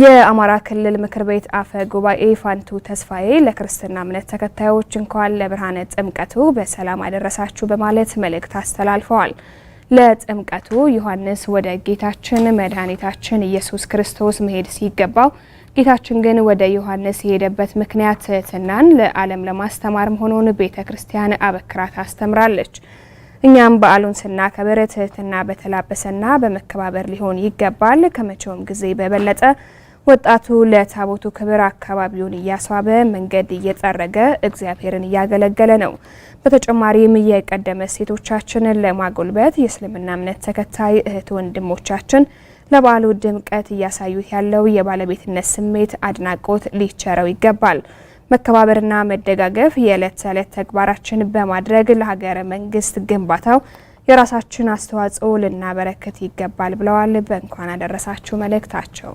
የአማራ ክልል ምክር ቤት አፈ ጉባኤ ፋንቱ ተስፋዬ ለክርስትና እምነት ተከታዮች እንኳን ለብርሃነ ጥምቀቱ በሰላም አደረሳችሁ በማለት መልእክት አስተላልፈዋል። ለጥምቀቱ ዮሐንስ ወደ ጌታችን መድኃኒታችን ኢየሱስ ክርስቶስ መሄድ ሲገባው ጌታችን ግን ወደ ዮሐንስ የሄደበት ምክንያት ትህትናን ለዓለም ለማስተማር መሆኑን ቤተ ክርስቲያን አበክራ ታስተምራለች። እኛም በዓሉን ስናከብር ትህትና በተላበሰና በመከባበር ሊሆን ይገባል። ከመቼውም ጊዜ በበለጠ ወጣቱ ለታቦቱ ክብር አካባቢውን እያስዋበ መንገድ እየጠረገ እግዚአብሔርን እያገለገለ ነው። በተጨማሪም የቀደመ ሴቶቻችንን ለማጎልበት የእስልምና እምነት ተከታይ እህት ወንድሞቻችን ለበዓሉ ድምቀት እያሳዩት ያለው የባለቤትነት ስሜት አድናቆት ሊቸረው ይገባል። መከባበርና መደጋገፍ የዕለት ተዕለት ተግባራችን በማድረግ ለሀገረ መንግስት ግንባታው የራሳችን አስተዋጽኦ ልናበረክት ይገባል ብለዋል። በእንኳን አደረሳችሁ መልእክታቸው